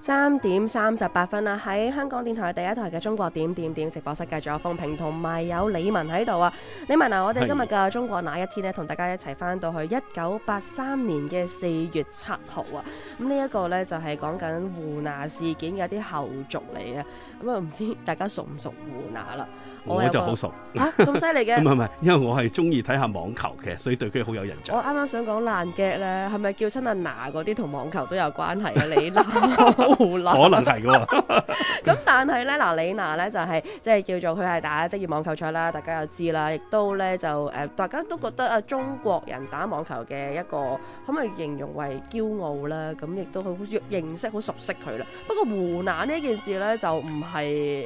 三點三十八分啦，喺香港電台第一台嘅中國點點點直播室還封，繼續有風平同埋有李文喺度啊！李文嗱，我哋今日嘅中國那一天呢？同大家一齊翻到去一九八三年嘅四月七號啊！咁呢一個呢，就係講緊胡娜事件嘅一啲後續嚟嘅。咁、嗯、啊，唔知大家熟唔熟胡娜啦？我就好熟嚇，咁犀利嘅，唔係唔係，啊、 因為我係中意睇下網球嘅，所以對佢好有印象。我啱啱想講爛腳咧，係咪叫親阿娜嗰啲同網球都有關係啊？你。娜。 可能係喎，咁 但係咧，嗱李娜咧就係、是、即係叫做佢係打職業網球賽啦，大家又知啦，亦都咧就誒、呃，大家都覺得啊中國人打網球嘅一個可唔可以形容為驕傲啦，咁亦都好認識好熟悉佢啦。不過胡娜呢件事咧就唔係。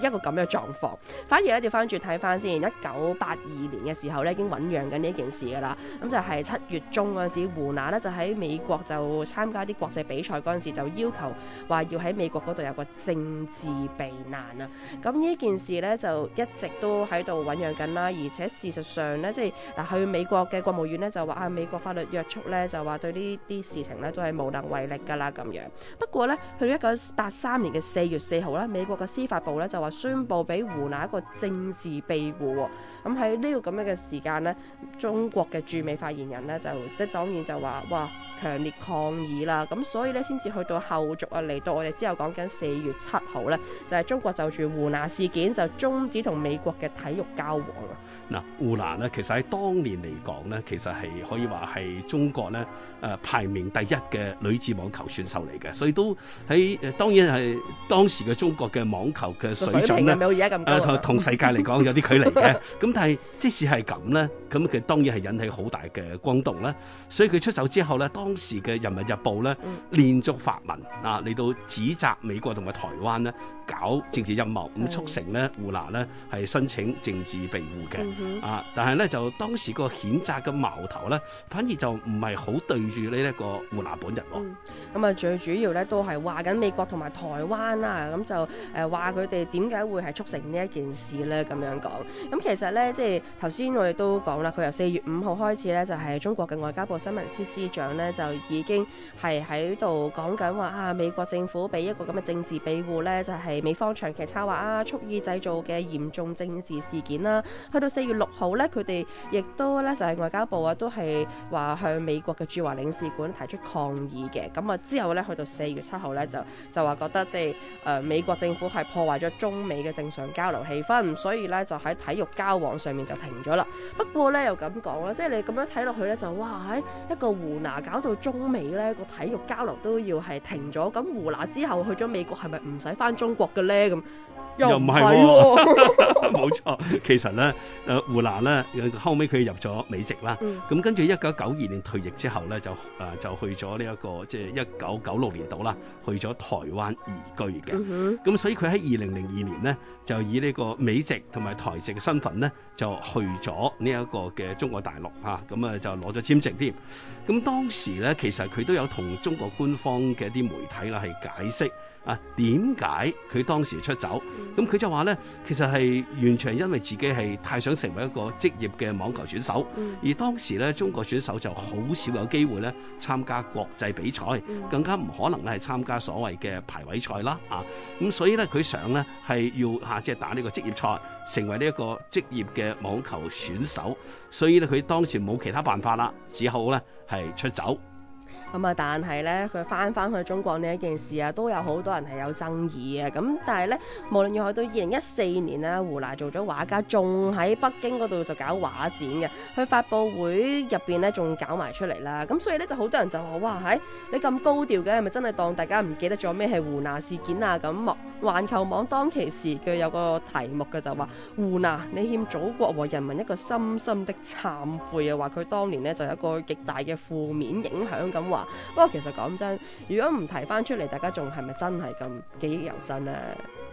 一個咁嘅狀況，反而咧調翻轉睇翻先，一九八二年嘅時候咧已經醖釀緊呢件事噶啦，咁就係七月中嗰陣時，胡娜呢就喺美國就參加啲國際比賽嗰時，就要求話要喺美國嗰度有個政治避難啊，咁呢件事呢，就一直都喺度醖釀緊啦，而且事實上呢，即係嗱去美國嘅國務院呢，就話啊美國法律約束呢，就話對呢啲事情呢，都係無能為力噶啦咁樣，不過呢，去一九八三年嘅四月四號啦，美國嘅司法部呢，就，宣布俾胡娜一個政治庇護，哦，咁喺呢個咁樣嘅時間呢，中國嘅駐美發言人呢就，就即係當然就話哇強烈抗議啦，咁所以呢，先至去到後續啊，嚟到我哋之後講緊四月七號呢，就係、是、中國就住胡娜事件就終止同美國嘅體育交往啊。嗱，胡娜呢，其實喺當年嚟講呢，其實係可以話係中國呢誒排名第一嘅女子網球選手嚟嘅，所以都喺當然係當時嘅中國嘅網球嘅。有距離咧，冇而家咁同同世界嚟講有啲距離嘅。咁但係即使係咁咧，咁佢當然係引起好大嘅轟動啦。所以佢出走之後咧，當時嘅《人民日報》呢咧連續發文啊，嚟到指責美國同埋台灣呢搞政治陰謀，咁、嗯、促、嗯嗯、成呢胡娜呢係申請政治庇護嘅、嗯。啊，但係呢，就當時個譴責嘅矛頭咧，反而就唔係好對住呢一個胡娜本人喎。咁、嗯、啊，最主要咧都係話緊美國同埋台灣啊，咁就誒話佢哋點？呃點解會係促成呢一件事呢？咁樣講，咁其實呢，即係頭先我哋都講啦，佢由四月五號開始呢，就係中國嘅外交部新聞司司長呢，就已經係喺度講緊話啊，美國政府俾一個咁嘅政治庇護呢，就係美方長期策劃啊，蓄意製造嘅嚴重政治事件啦。去到四月六號呢，佢哋亦都呢，就係外交部啊，都係話向美國嘅駐華領事館提出抗議嘅。咁啊之後呢，去到四月七號呢，就就話覺得即係誒美國政府係破壞咗中中美嘅正常交流氣氛，所以咧就喺體育交往上面就停咗啦。不過咧又咁講啦，即係你咁樣睇落去咧就哇喺一個胡娜搞到中美咧個體育交流都要係停咗。咁胡娜之後去咗美國係咪唔使翻中國嘅咧？咁又唔係喎，冇錯。其實咧，誒胡娜咧後尾佢入咗美籍啦。咁、嗯、跟住一九九二年退役之後咧就誒就去咗呢一個即係一九九六年度啦，去咗台灣移居嘅。咁、嗯、所以佢喺二零零二年咧就以呢個美籍同埋台籍嘅身份咧就去咗呢一個嘅中國大陸吓，咁啊，啊就攞咗簽證添。咁、啊、當時咧其實佢都有同中國官方嘅一啲媒體啦係解釋啊點解佢當時出走。咁、啊、佢就話咧其實係完全因為自己係太想成為一個職業嘅網球選手，而當時咧中國選手就好少有機會咧參加國際比賽，更加唔可能咧係參加所謂嘅排位賽啦啊。咁、啊啊、所以咧佢想咧係。係要吓，即係打呢個職業賽，成為呢一個職業嘅網球選手，所以咧佢當時冇其他辦法啦，只好咧係出走。咁、嗯、啊，但係咧，佢翻翻去中國呢一件事啊，都有好多人係有爭議嘅。咁但係咧，無論如何，到二零一四年咧，胡娜做咗畫家，仲喺北京嗰度就搞畫展嘅。佢發布會入邊咧，仲搞埋出嚟啦。咁所以咧，就好多人就話，哇，係、欸、你咁高調嘅，係咪真係當大家唔記得咗咩係胡娜事件啊？咁環球網當其時佢有個題目嘅就話胡娜，你欠祖國和人民一個深深的懺悔啊！話佢當年咧就有一個極大嘅負面影響咁話。不過其實講真，如果唔提翻出嚟，大家仲係咪真係咁記憶猶新咧？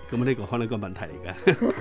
咁呢個可能個問題嚟㗎。